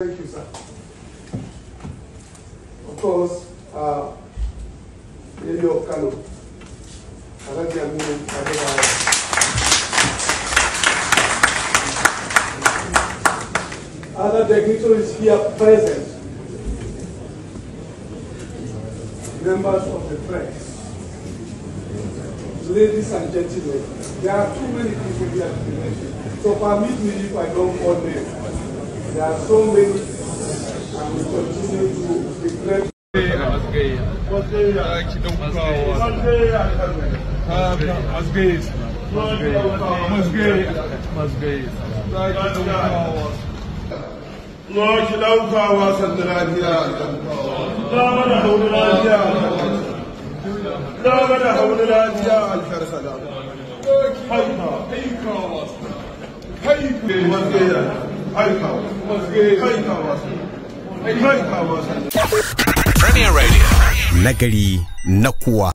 Thank you, sir. Of course, uh, Elio Kano, Alaji Aminu Adebayo. Other dignitaries here present, members of the press, ladies and gentlemen, there are too many people here today. So permit me if I don't call names. There are so many, and we continue to declare. مسجد مسجد مسجد Lord, you don't call us at the Radia. Lord, I hold the Radia. Lord, I hold the Radia. Al-Karsala. Hey, call us. Hey, call us. Hey, call us. Premier Radio. Nagari na kuwa.